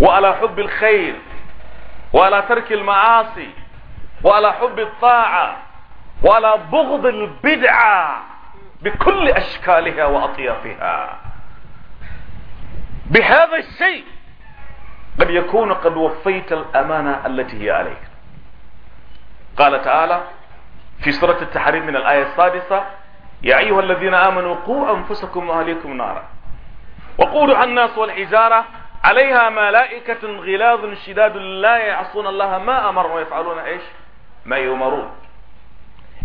وعلى حب الخير وعلى ترك المعاصي وعلى حب الطاعة وعلى بغض البدعة بكل أشكالها وأطيافها بهذا الشيء قد يكون قد وفيت الأمانة التي هي عليك قال تعالى في سورة التحريم من الآية السادسة يا أيها الذين آمنوا قوا أنفسكم وأهليكم نارا عن الناس والحجارة عليها ملائكة غلاظ شداد لا يعصون الله ما أمر ويفعلون إيش ما يمرون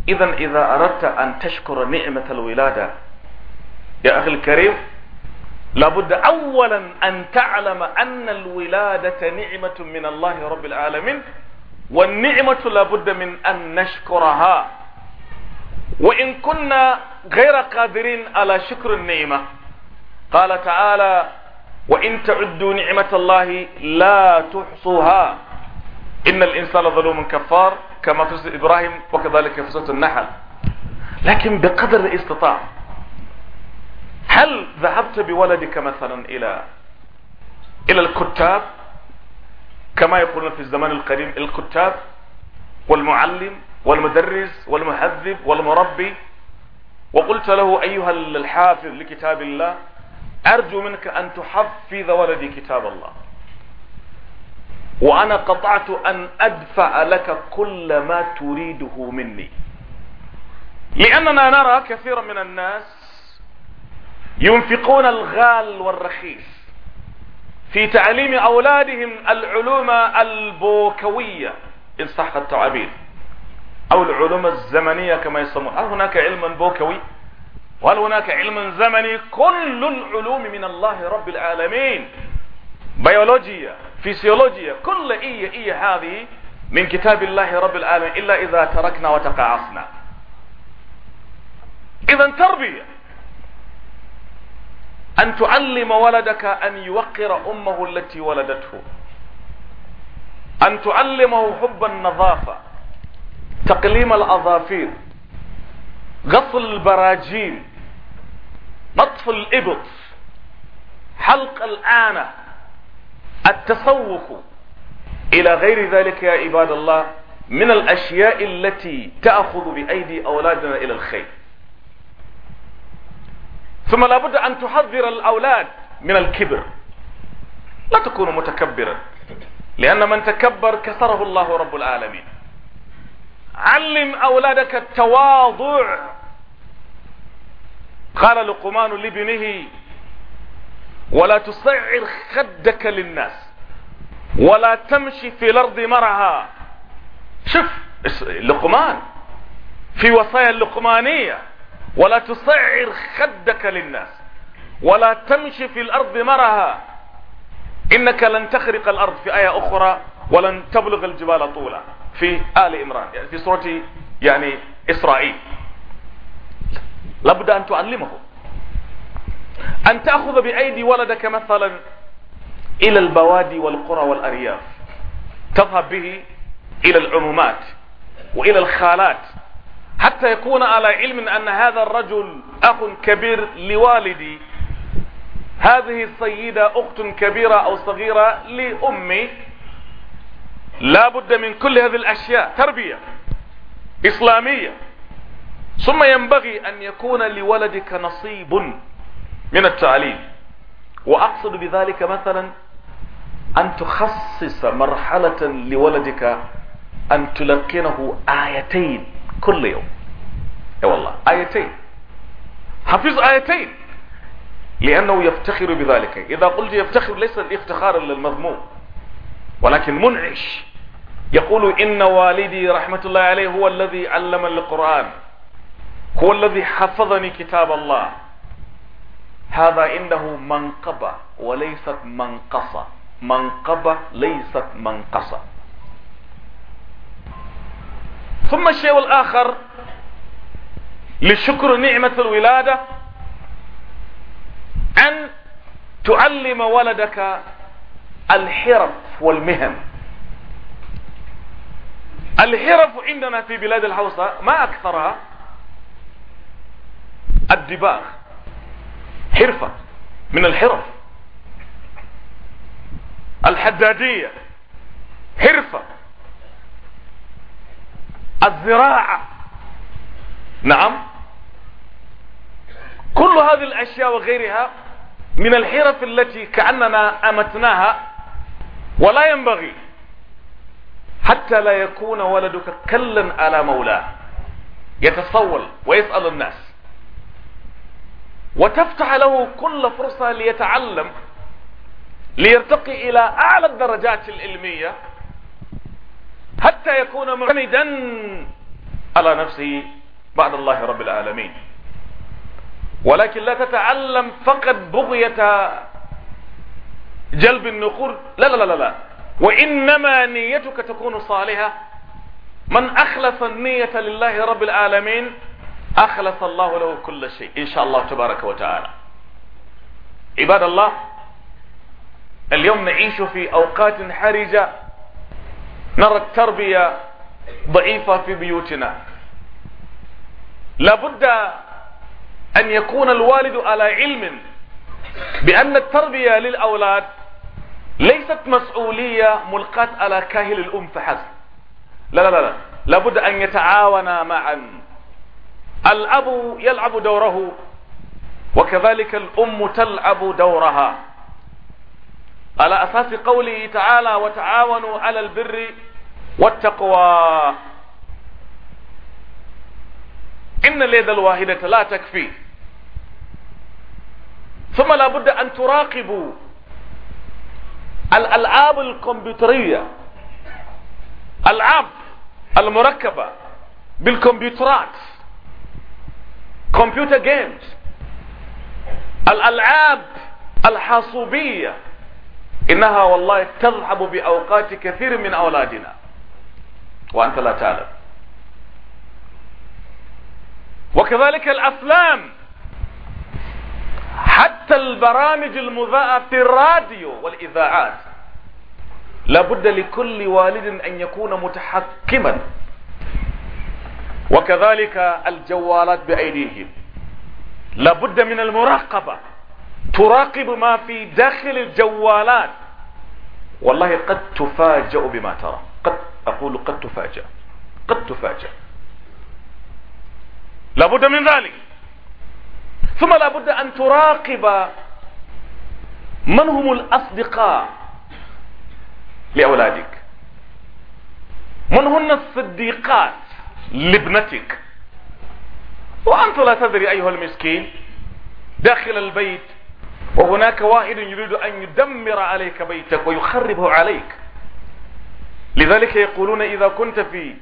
إذا إذا أردت أن تشكر نعمة الولادة يا أخي الكريم لابد أولا أن تعلم أن الولادة نعمة من الله رب العالمين والنعمة لابد من أن نشكرها وإن كنا غير قادرين على شكر النعمة قال تعالى وإن تعدوا نعمة الله لا تحصوها إن الإنسان ظلوم كفار كما في سورة إبراهيم وكذلك في سورة النحل لكن بقدر الاستطاع هل ذهبت بولدك مثلا إلى إلى الكتاب كما يقولون في الزمان القديم الكتاب والمعلم والمدرس والمهذب والمربي وقلت له أيها الحافظ لكتاب الله أرجو منك أن تحفظ ولدي كتاب الله وأنا قطعت أن أدفع لك كل ما تريده مني لأننا نرى كثيرا من الناس ينفقون الغال والرخيص في تعليم أولادهم العلوم البوكوية إن صح التعبير أو العلوم الزمنية كما يسمونها هناك علم بوكوي وهل هناك علم زمني كل العلوم من الله رب العالمين بيولوجيا فيسيولوجيا كل إيه إيه هذه من كتاب الله رب العالمين إلا إذا تركنا وتقاعصنا إذا تربية أن تعلم ولدك أن يوقر أمه التي ولدته أن تعلمه حب النظافة تقليم الأظافير غسل البراجيل نطف الإبط حلق الآنة التسوق إلى غير ذلك يا عباد الله من الأشياء التي تأخذ بأيدي أولادنا إلى الخير ثم لابد أن تحذر الأولاد من الكبر لا تكون متكبرا لأن من تكبر كسره الله رب العالمين علم أولادك التواضع قال لقمان لابنه ولا تصعر خدك للناس ولا تمشي في الارض مرها شوف لقمان في وصايا اللقمانية ولا تصعر خدك للناس ولا تمشي في الارض مرها انك لن تخرق الارض في ايه اخرى ولن تبلغ الجبال طولا في آل إمران يعني في سورة يعني إسرائيل لابد أن تعلمه أن تأخذ بأيدي ولدك مثلا إلى البوادي والقرى والأرياف تذهب به إلى العمومات وإلى الخالات حتى يكون على علم أن هذا الرجل أخ كبير لوالدي هذه السيدة أخت كبيرة أو صغيرة لأمي لا بد من كل هذه الأشياء تربية إسلامية ثم ينبغي أن يكون لولدك نصيب من التعليم وأقصد بذلك مثلا أن تخصص مرحلة لولدك أن تلقنه آيتين كل يوم يا والله آيتين حفظ آيتين لأنه يفتخر بذلك إذا قلت يفتخر ليس الافتخار للمضمون ولكن منعش يقول إن والدي رحمة الله عليه هو الذي علم القرآن هو الذي حفظني كتاب الله هذا إنه منقبة وليست منقصة منقبة ليست منقصة ثم الشيء الآخر لشكر نعمة الولادة أن تعلم ولدك الحرف والمهن الحرف عندنا في بلاد الحوصة ما أكثرها الدباغ حرفة من الحرف الحدادية حرفة الزراعة نعم كل هذه الأشياء وغيرها من الحرف التي كأننا أمتناها ولا ينبغي حتى لا يكون ولدك كلا على مولاه يتصول ويسأل الناس وتفتح له كل فرصة ليتعلم ليرتقي إلى أعلى الدرجات العلمية حتى يكون معتمدا على نفسه بعد الله رب العالمين ولكن لا تتعلم فقط بغية جلب النقود لا لا لا لا وإنما نيتك تكون صالحة من أخلص النية لله رب العالمين أخلص الله له كل شيء إن شاء الله تبارك وتعالى عباد الله اليوم نعيش في أوقات حرجة نرى التربية ضعيفة في بيوتنا لابد أن يكون الوالد على علم بأن التربية للأولاد ليست مسؤولية ملقاة على كاهل الأم فحسب لا لا لا لابد أن يتعاون معا الأب يلعب دوره وكذلك الأم تلعب دورها على أساس قوله تعالى وتعاونوا على البر والتقوى إن اليد الواحدة لا تكفي ثم لابد أن تراقبوا الألعاب الكمبيوترية ألعاب المركبة بالكمبيوترات كمبيوتر جيمز الألعاب الحاسوبية إنها والله تذهب بأوقات كثير من أولادنا وأنت لا تعلم وكذلك الأفلام حتى البرامج المذاعة في الراديو والإذاعات لابد لكل والد أن يكون متحكما وكذلك الجوالات بأيديهم لابد من المراقبة تراقب ما في داخل الجوالات والله قد تفاجأ بما ترى قد أقول قد تفاجأ قد تفاجأ لابد من ذلك ثم لابد أن تراقب من هم الأصدقاء لأولادك من هن الصديقات لابنتك وأنت لا تدري أيها المسكين داخل البيت وهناك واحد يريد أن يدمر عليك بيتك ويخربه عليك لذلك يقولون إذا كنت في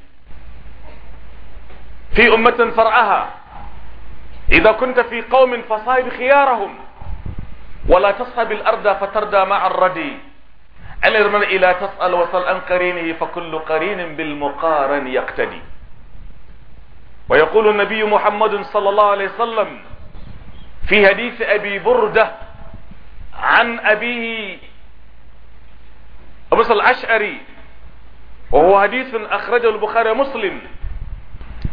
في أمة فرعها إذا كنت في قوم فصائب خيارهم ولا تصحب الأرض فتردى مع الردي المرء إلى تسأل وصل عن قرينه فكل قرين بالمقارن يقتدي ويقول النبي محمد صلى الله عليه وسلم في حديث أبي بردة عن أبيه أبو الأشعري وهو حديث أخرجه البخاري مسلم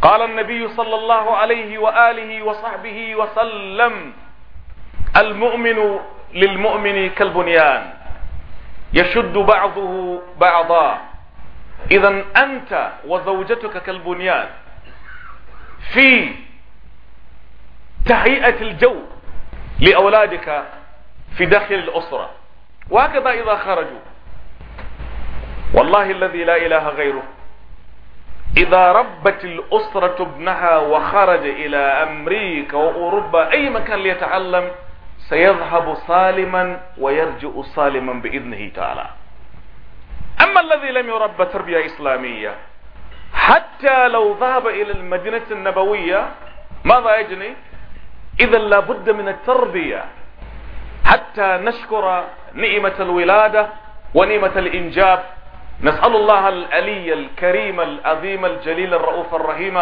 قال النبي صلى الله عليه وآله وصحبه وسلم المؤمن للمؤمن كالبنيان يشد بعضه بعضا إذا أنت وزوجتك كالبنيان في تهيئة الجو لأولادك في داخل الأسرة وهكذا إذا خرجوا والله الذي لا إله غيره إذا ربت الأسرة ابنها وخرج إلى أمريكا وأوروبا أي مكان ليتعلم سيذهب صالما ويرجع صالما بإذنه تعالى أما الذي لم يربى تربية إسلامية حتى لو ذهب إلى المدينة النبوية ماذا يجني إذا لابد من التربية حتى نشكر نعمة الولادة ونعمة الإنجاب نسأل الله الألي الكريم العظيم الجليل الرؤوف الرحيم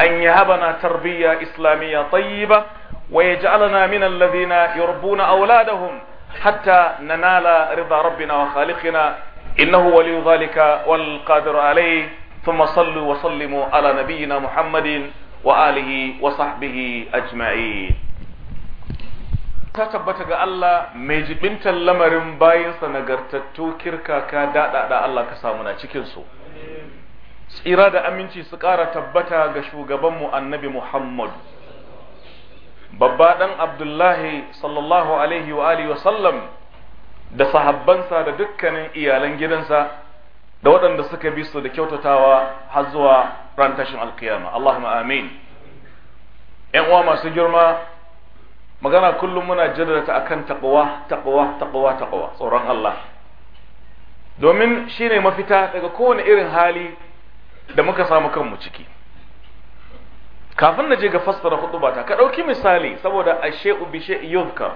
أن يهبنا تربية إسلامية طيبة ويجعلنا من الذين يربون أولادهم حتى ننال رضا ربنا وخالقنا إنه ولي ذلك والقادر عليه ثم صلوا وسلموا على نبينا محمد وآله وصحبه أجمعين tabbata ga Allah mai jibintar lamarin bayansa nagartattu kirkaka daɗaɗa Allah ka samu na cikinsu tsira da aminci su ƙara tabbata ga shugabanmu annabi Muhammad babba ɗan Abdullahi sallallahu alaihi wa sallam da sahabbansa da dukkanin iyalan gidansa da waɗanda suka bi su da kyautatawa har zuwa ran tashin alkiyama Allahumma amin yan uwa masu girma magana kullum muna jaddata akan taqwa taqwa taqwa taqwa tsoron Allah domin shine mafita daga kowane irin hali da muka samu kanmu ciki kafin na je ga fassara hudu ba ta ka ɗauki misali saboda ashe'u bi shay'in yuzkar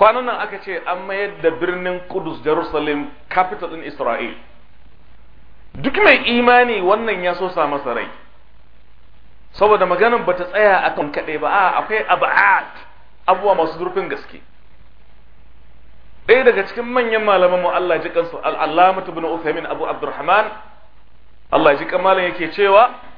kwanan nan aka ce an mayar da birnin Kudus Jerusalem capital din israil duk mai imani wannan ya so sa masa rai saboda ba ta tsaya a kan kaɗai ba a akwai ab'at abuwa masu zurfin gaske ɗaya daga cikin manyan malaman mu Allah ji kansu al-Allamah ibn Uthaymin Abu Abdurrahman Allah ji kamalan yake cewa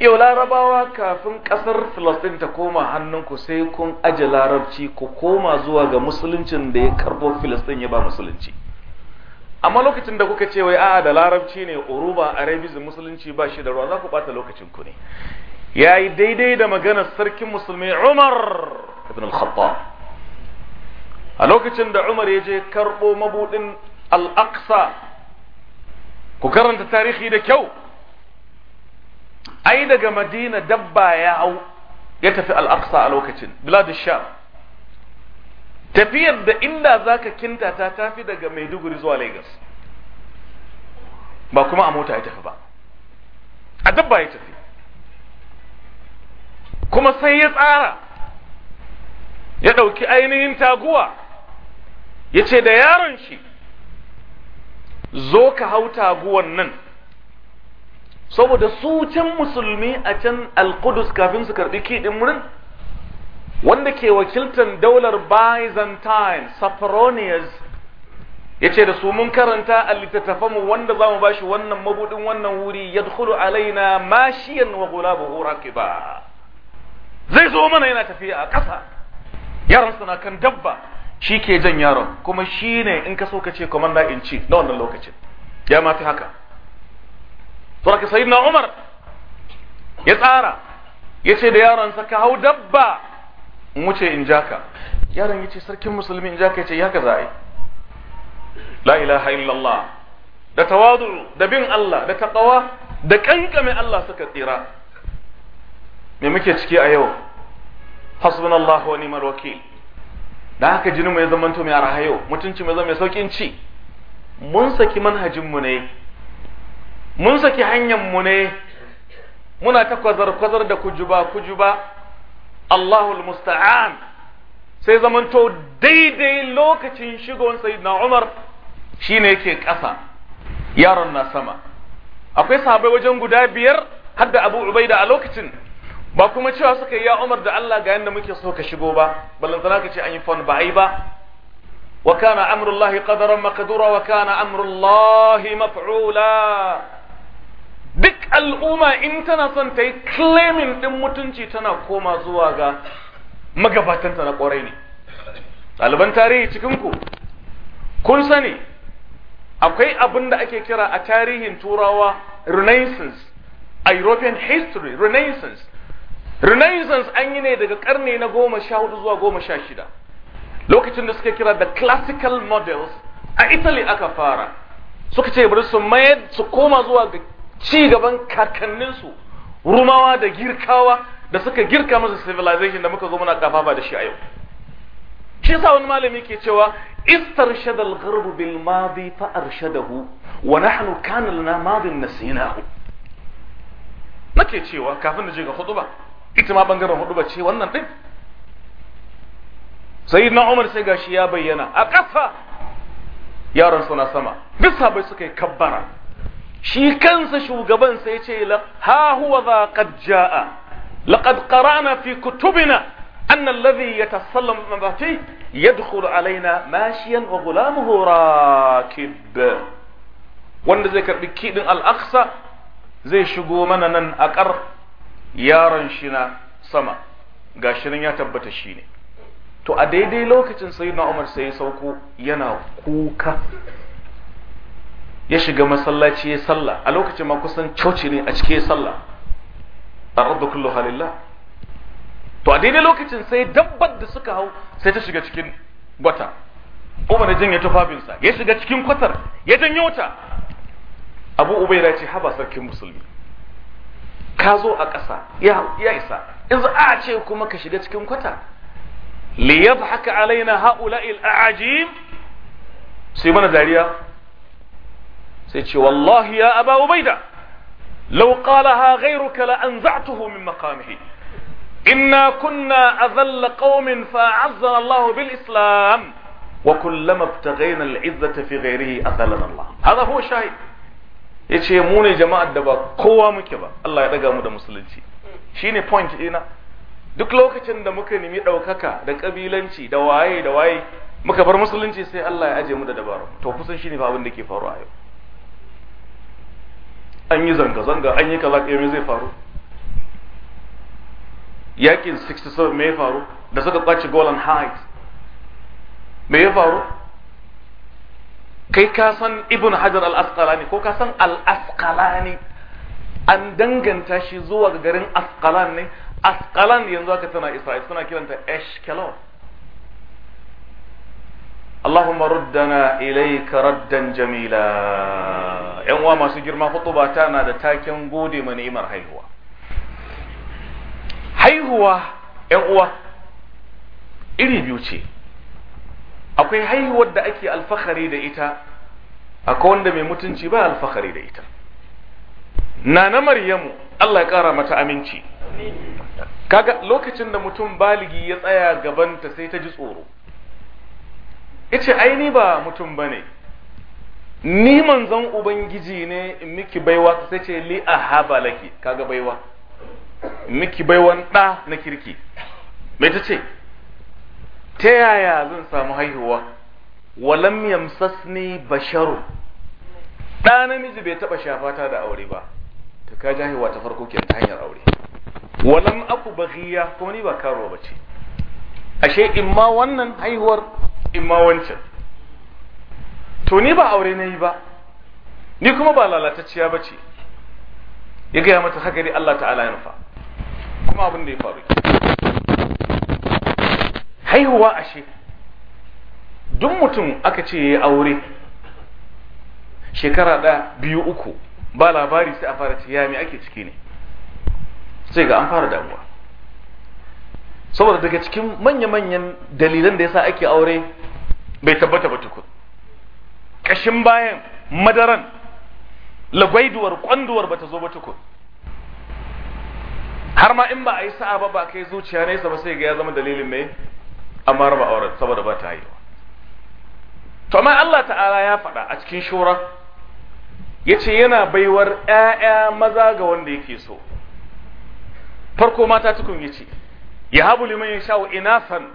yau larabawa kafin ƙasar filistin ta koma hannunku sai kun aje larabci ku koma zuwa ga musuluncin da ya karbo filistin ya ba musulunci amma lokacin da kuka ce wai a da larabci ne uruba arabism musulunci ba shi da ruwa za ku bata lokacin ku ne ya yi daidai da maganar sarkin musulmi umar ibn al-khattab a lokacin da umar ya je karbo mabudin al-aqsa ku karanta tarihi da kyau ai daga madina dabba ya hau ya tafi al a lokacin bilad sham tafiyar da inda zaka kinta ta tafi daga maiduguri zuwa lagos ba kuma a mota ya tafi ba a dabba ya tafi kuma sai ya tsara ya ɗauki ainihin taguwa ya ce da yaron shi zo ka hau taguwan nan saboda su can musulmi a can alkudus kafin su karbi kiɗin wurin wanda ke wakiltan daular byzantine safaronius ya ce da su mun karanta a littattafanmu wanda za mu ba shi wannan mabudin wannan wuri ya dukulu alaina mashiyan wa gulabu rakiba zai zo mana yana tafiya a ƙasa yaran na kan dabba shi ke jan yaron kuma shi ne in ka so ka ce commander in ci na wannan lokacin ya mafi haka sayi na Umar ya tsara ya ce da yaronsa ka hau dabba mu ce in jaka yaron ya ce sarkin musulmi in jaka ce ya ka za'i la ilaha illallah da tawadu da bin Allah da taqwa da kankame Allah suka tsira me muke ciki a yau hasbunallahu wa ni'mal wakil da haka jinin mu ya zamanto mai araha yau mutunci mu zama mai saukin ci mun saki manhajin mu ne mun saki hanyar mu ne muna ta kwazar-kwazar da kujuba kujuba Allahul musta'an sai zamanto daidai lokacin shigon sayyidina Umar shine yake ƙasa yaron na sama akwai sahabbai wajen guda biyar har da Abu Ubaida a lokacin ba kuma cewa suka yi ya Umar da Allah ga yanda muke so ka shigo ba ballantana ka ce an yi fon ba ai ba wa kana amrullahi qadaran maqdura wa kana amrullahi maf'ula duk al'umma in tana son ta yi claiming ɗin mutunci tana koma zuwa ga magabatanta na ƙwarai ne ɗaliban tarihi cikinku kun sani akwai abin da ake kira a tarihin turawa renaissance a european history renaissance renaissance an yi ne daga ƙarni na goma sha hudu zuwa goma sha shida lokacin da suke kira da classical models a italy aka fara suka ce bari su mayar su koma zuwa ga ci gaban kakanninsu rumawa da girkawa da suka girka masa civilization da muka zo muna kafafa da shi a yau shi sa wani malami ke cewa istar al-gharbu bil madi fa arshadahu wa nahnu kana lana madin nasinahu nake cewa kafin da je ga ba, ita ma bangaren ba ce wannan din sayyidina Umar sai gashi ya bayyana a ƙasa yaran suna sama bisa bai suka yi kabbara shi kansa shugaban sai ce ha huwa za qad jaa laqad qara'na fi kutubina anna alladhi yatasallam mabati yadkhulu alaina mashiyan wa ghulamuhu rakib wanda zai karbi kidin al-aqsa zai shigo mana nan a kar yaron shi na sama gashi nan ya tabbata shi ne to a daidai lokacin sayyidina Umar sai ya sauko yana kuka ya shiga masallaci ya salla a lokacin ma kusan coci ne a cike A arda kullu halillah to a daidai lokacin sai dabbar da suka hau sai ta shiga cikin gwata Umar ya tufafinsa ya shiga cikin kwatar ya janyo ta Abu Ubaida ce haba sarkin musulmi ka zo a ƙasa ya isa in za a ce kuma ka shiga cikin kwata li yadhaka alaina ha'ula'il a'ajim sai mana dariya sai ce wallahi ya aba ubaida law gairu ghayruka la anza'tuhu min maqamihi inna kunna azalla qaumin fa'azzana Allah bil islam wa kullama ibtaghayna al izzata fi ghayrihi athallana Allah hada huwa shahid yace mu ne jama'ar da ba kowa muke ba Allah ya daga mu da musulunci shine point ina duk lokacin da muka nemi ɗaukaka da ƙabilanci da waye da waye muka bar musulunci sai Allah ya aje mu da dabaru to kusan shine fa abin da ke faruwa yau an yi zanga-zanga an yi kaza eh, me zai faru yakin 67 me ya faru da suka kwace golan heights me ya faru kai ka san ibn hajar al-asqalani ko ka san al-asqalani an danganta shi zuwa ga garin asqalan ne asqalan yanzu aka tana isra'il suna kiranta ashkelon اللهم ردنا إليك ردا Jamila. ‘yan uwa masu girma hutuba na da taken gode ma ni'imar haihuwa haihuwa ‘yan uwa iri biyu ce akwai haihuwar da ake alfahari da ita akwai wanda mai mutunci ba alfahari da ita Nana maryamu Allah ya ƙara mata aminci kaga lokacin da mutum baligi ya tsaya gabanta sai ta ji tsoro yace ai ni ba mutum bane ni manzon ubangiji ne miki baiwa sai ce li ahaba laki kaga baiwa miki baiwan da na kirki mai ta ce ta yaya zan samu haihuwa walam yamsasni basharu ɗa namiji bai taɓa shafata da aure ba ta ka jahewa ta farko ke ta hanyar aure walam aku baghiya kuma ni ba karo ba ce ashe in ma wannan haihuwar in ma wancan to ni ba aure na yi ba ni kuma ba lalatacciya ba ce ya gaya mata haka Allah ta'ala ya nufa kuma abin da ya faru haihuwa ashe duk mutum aka ce ya yi aure shekara ɗaya biyu uku ba labari sai a fara ce ya ake ciki ne sai ga an fara damuwa saboda daga cikin manya-manyan dalilan da yasa ake aure bai tabbata ba tukun kashin bayan madaran lagwaiduwar kwanduwar bata zo ba tukun har ma in ba a yi sa'a ba ba kai zuciya nesa ba sai ga ya zama dalilin mai amma raba auren saboda ba ta haihuwa to amma Allah ta'ala ya faɗa a cikin shura yace yana baiwar ƴaƴa maza ga wanda yake so farko mata tukun yace yahabu liman yasha'u inasan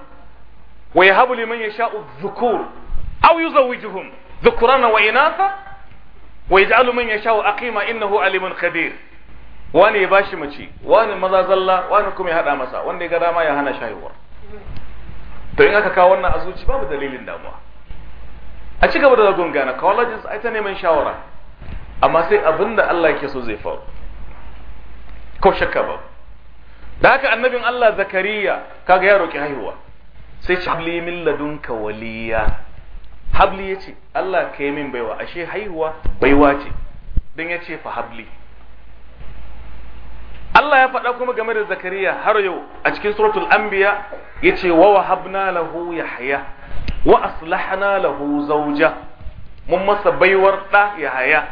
wa yahabu liman yasha'u dhukur aw yuzawwijuhum dhukrana wa inatha wa yaj'alu man yasha'u aqima innahu alimun qadir wani ya bashi mace wani maza zalla wani kuma ya hada masa wanda ya ga dama ya hana shayarwa to in aka kawo wannan azuci babu dalilin damuwa a ci gaba da zagon gana colleges ai ta neman shawara amma sai abinda Allah yake so zai faru ko shakka babu da haka annabin Allah zakariya kaga ya roki haihuwa sai ce habli min ladunka waliya habli yace Allah ka yi min baiwa ashe haihuwa baiwa ce dan yace fa habli Allah ya faɗa kuma game da zakariya har yau a cikin suratul anbiya yace wa wahabna lahu yahya wa aslahna lahu zawja mun masa baiwar da yahya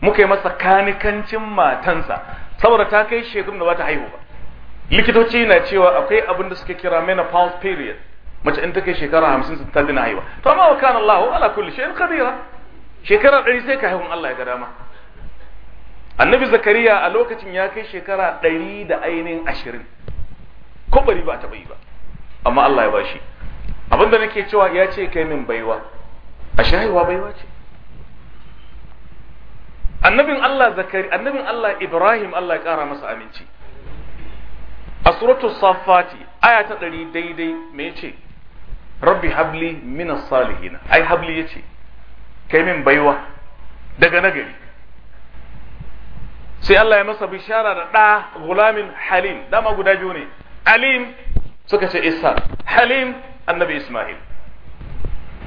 muka yi masa kanikancin matansa saboda ta kai shekarun da ba ta haihu ba likitoci na cewa akwai abin da suke kira menopause period mace in ta kai shekara hamsin sun ta dina haihuwa to amma wa Allah ala kulli shay'in qadira shekara ɗari sai ka haihu Allah ya ga dama annabi zakariya a lokacin ya kai shekara ɗari da ainihin ashirin ko bari ba taɓa yi ba amma Allah ya bashi abinda nake cewa ya ce kai min baiwa a shahiwa baiwa ce annabin Allah zakari annabin Allah Ibrahim Allah ya kara masa aminci a suratul safati aya ta ɗari daidai me ce. rabbi habli min salihina ai habli yace kai min baiwa daga nagari sai Allah ya masa bishara da ɗa gulamin halim dama guda biyu ne alim suka ce isa halim annabi ismail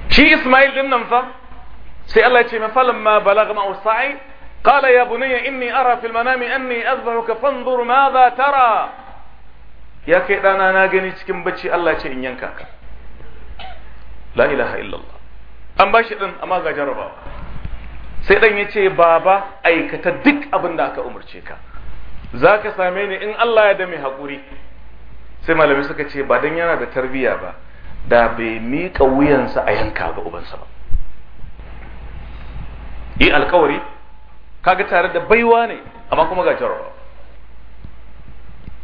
shi ismail din nan fa sai Allah ya ce mafalan ma balagha ma'usai qala ya bunayya inni ara fil manami anni azbahuka fanzur madha tara ya kai ɗana na gani cikin bacci Allah ce in yanka ka la ilaha illallah an ba shi ɗin amma ga jarabawa sai ɗan ya ce baba aikata duk abin da aka umarce ka Zaka same ni in Allah ya da mai haƙuri sai malamai suka ce ba dan yana da tarbiyya ba da bai miƙa wuyansa a yanka ga ubansa ba yi alkawari kaga tare da baiwa ne amma kuma ga jarabawa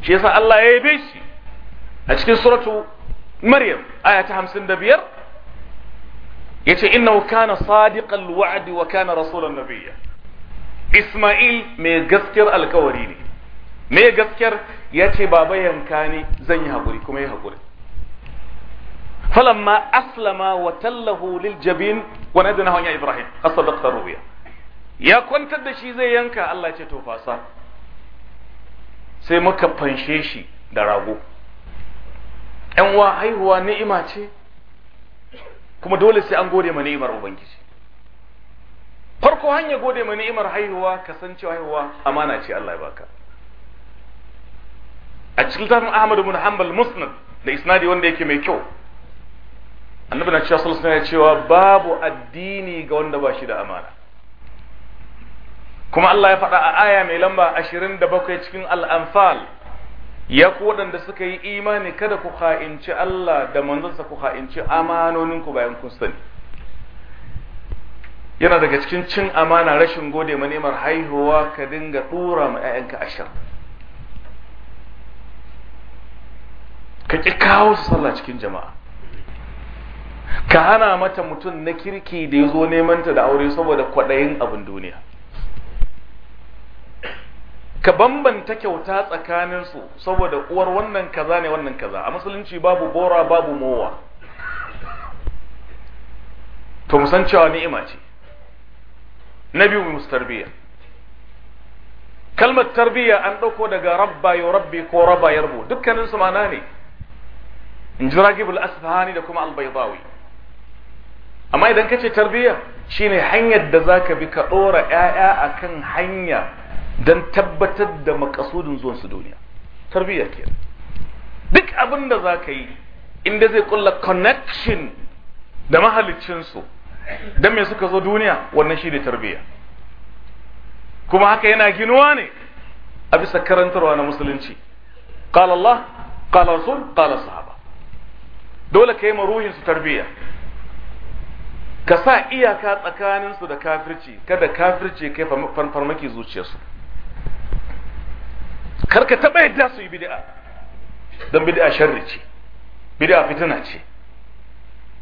shi yasa Allah ya yabe shi a cikin suratu Maryam aya ta 55 yace innahu kana sadiqal wa'd wa kana rasulan nabiyya Isma'il mai gaskiyar alkawari ne mai gaskiyar yace baba yanka ne zan yi hakuri kuma yi hakuri فلما أسلم وتله للجبين ونادناه يا إبراهيم قد صدقت الرؤيا يا كنت دشي زي ينكا الله يتوفى tufasa. sai muka fanshe shi da rago ‘yan wa haihuwa ni'ima ce kuma dole sai an gode ma ni'imar ubangiji farko hanya gode ma ni'imar haihuwa kasancewa haihuwa amana ce Allah ya baka a cikin tafin Ahmadu bin Hanbal Musnad da isnadi wanda yake mai kyau annabi na cewa sallallahu alaihi cewa babu addini ga wanda ba shi da amana kuma Allah ya faɗa a aya mai lamba 27 cikin al'amfal ya ku waɗanda suka yi imani kada ku ha'inci Allah da manzansa ku ha'inci amanoninku bayan kun sani yana daga cikin cin amana rashin gode ma nemar haihuwa ka dinga ɗora ma 'ya'yanka ashir ka ƙi kawo su sallah cikin jama'a ka hana mata mutum na kirki da ya zo nemanta da aure saboda kwaɗayin abin duniya ka bambanta kyauta tsakaninsu saboda uwar wannan kaza ne wannan kaza a musulunci babu bora babu mowa to musan cewa ni'ima ce na biyu mu tarbiyya kalmar tarbiyya an ɗauko daga rabba yau rabbi ko rabba yarbu dukkanin su mana ne in ji ragibul asfahani da kuma albaibawi. amma idan ka ce tarbiyya shine hanyar da zaka bi ka ɗora 'ya'ya kan hanya don tabbatar da makasudin zuwan su duniya tarbiyya ke duk abin da za ka yi inda zai kulla connection da mahalicinsu don mai suka zo duniya wannan shi ne tarbiyya kuma haka yana ginuwa ne a bisa karantarwa na musulunci qala Allah qala Rasul qala sahaba dole ka yi ma ruhinsu tarbiyya ka sa iyaka tsakaninsu da kafirci kada kafirci kai farmaki zuciyarsu kar ka taɓa yadda su yi bid'a don bid'a sharri ce bid'a fitina ce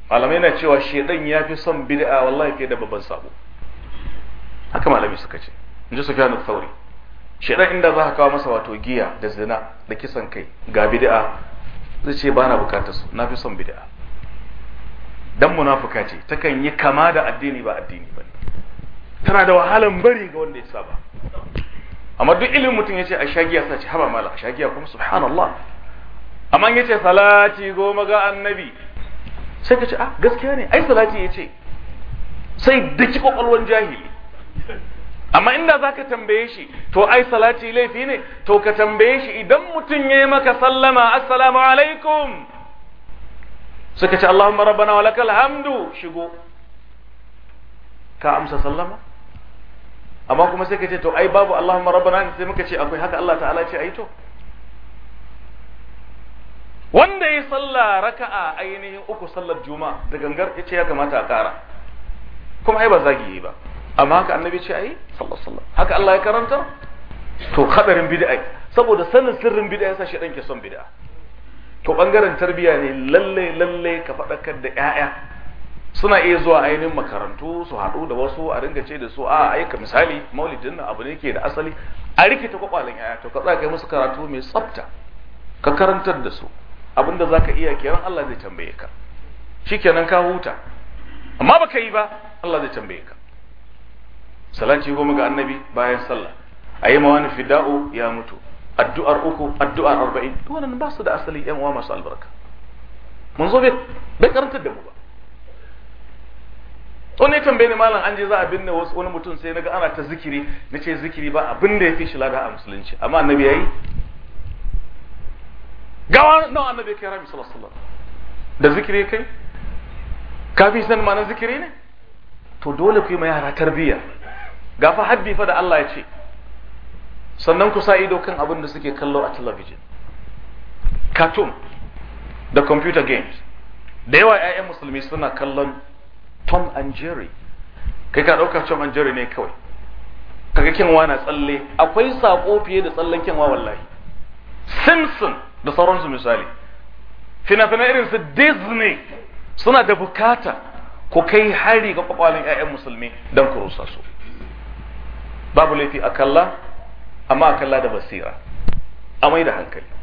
malamai na cewa shedan ya fi son bid'a wallahi fiye da babban sabo haka malami suka ce in ji sufyan al-thawri shedan inda za ka kawo masa wato giya da zina da kisan kai ga bid'a zai ce bana bukatar su na fi son bid'a dan munafuka ce takan yi kama da addini ba addini ba. tana da wahalan bari ga wanda ya saba amma duk ilimin mutum ya ce a shagiya sa ce haba mala a shagiya kuma subhanallah amma ya ce salati goma ga annabi sai ka ce ah gaskiya ne ai salati ya ce sai daki kwakwalwan jahili amma inda za ka tambaye shi to ai salati laifi ne to ka tambaye shi idan mutum ya yi maka sallama assalamu alaikum ka ce allahumma rabbana wa lakal hamdu shigo ka amsa sallama amma kuma sai ka ce to ai babu Allahumma rabbana sai muka ce akwai haka Allah ta'ala ce ai to wanda ya salla raka'a ainihin uku sallar juma'a da gangar yace ya kamata a kara kuma ai ba zagi yi ba amma haka annabi ce ai sallallahu alaihi haka Allah ya karanta to kadarin bid'a saboda sanin sirrin bid'a yasa shedan ke son bid'a to bangaren tarbiya ne lalle lalle ka fadakar da ƴaƴa suna iya zuwa ainihin makarantu su haɗu da wasu a ringa ce da su a aika misali maulidin na abu ne ke da asali a rikita kwakwalen yaya to ka tsaka musu karatu mai tsafta ka karantar da su abinda za ka iya kenan Allah zai tambaye ka shikenan ka huta amma baka yi ba Allah zai tambaye ka salanci goma ga annabi bayan sallah a yi mawani fida'u ya mutu addu'ar uku addu'ar arba'in wannan ba su da asali yan uwa masu albarka mun zo bai karantar da mu ba wani kan bai ne malam an je za a binne wasu wani mutum sai naga ana ta zikiri na ce zikiri ba abin da ya fi shi lada a musulunci amma annabi ya yi gawa nawa annabi ya kai rami sallallahu alaihi da zikiri kai kafin san ma na zikiri ne to dole ku yi ma yara tarbiyya gafa haddi fa da Allah ya ce sannan ku sa ido kan abin da suke kallo a talabijin cartoon da computer games da yawa ƴaƴan musulmi suna kallon tom and jerry kai ka ɗauka tom and jerry ne kawai kaga kyanwa na tsalle akwai saƙo fiye da tsallen kyanwa wallahi simpson da sauransu misali fina-finan irin su disney suna da bukata ku kai hari ga kwakwalin 'ya'yan musulmi don ku rusa su babu laifi a kalla amma a kalla da basira amai da hankali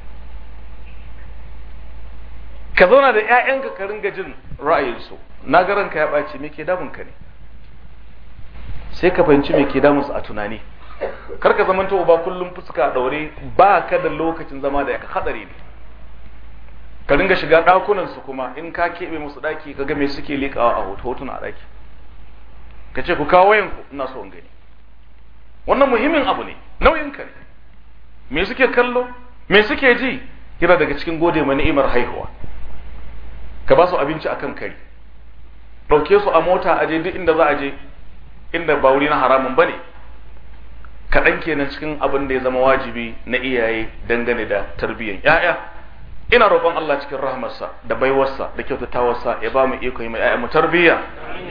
ka zauna da 'ya'yanka ka ringa jin ra'ayinsu na ga ranka ya ɓaci me ke damun ka ne sai ka fahimci me ke damunsu a tunani kar ka zamanta ba kullum fuska ɗaure ba ka da lokacin zama da ya ka hadari ne ka ringa shiga ɗakunansu su kuma in ka keɓe musu ɗaki ka ga me suke likawa a hoto hoton a ɗaki. ka ce ku kawo 'yanku ina so in gani wannan muhimmin abu ne nauyin ka ne me suke kallo me suke ji yana daga cikin gode ma ni'imar haihuwa ka ba su abinci akan kari ɗauke su a mota a je duk inda za a je inda ba wuri na haramun ba ne kaɗan kenan cikin abin da ya zama wajibi na iyaye dangane da tarbiyyar 'ya'ya ina roƙon Allah cikin rahmarsa da baiwarsa da kyautatawarsa ya ba mu iko mai ayyamu tarbiyya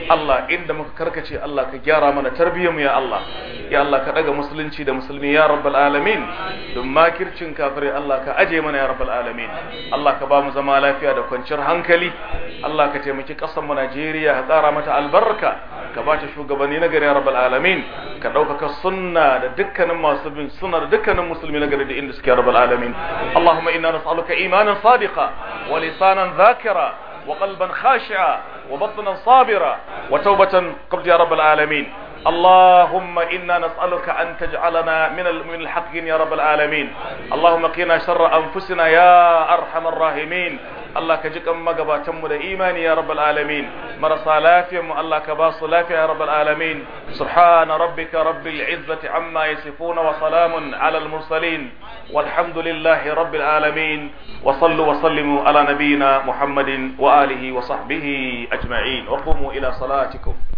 Allah inda muka karkace Allah ka gyara mana tarbiyyar mu ya Allah ya Allah ka daga musulunci da musulmi ya rabbal alamin don makircin kafirai Allah ka aje mana ya rabbal alamin Allah ka ba mu zama lafiya da kwanciyar hankali Allah ka taimaki ƙasar mu Najeriya ka tsara mata albarka ka ba ta shugabanni na ya rabbal alamin ka ɗaukaka sunna da dukkanin masu bin da dukkanin musulmi na gari da inda suke rabbal alamin Allahumma inna nas'aluka imanan sadiqa wa lisanan zakira wa qalban khashi'a wa batnan sabira wa tawbatan qabl ya rabbal alamin اللهم إنا نسألك أن تجعلنا من من الحقين يا رب العالمين اللهم قنا شر أنفسنا يا أرحم الراحمين Allah ka ji kan magabatan mu da imani ya rabbal alamin marasa lafiyar mu Allah ka ba su lafiya ya rabbal alamin subhana rabbika rabbil izzati amma yasifuna wa salamun ala al mursalin walhamdulillahi rabbil alamin wa sallu wa sallimu ala muhammadin wa alihi wa sahbihi ajma'in wa qumu ila salatikum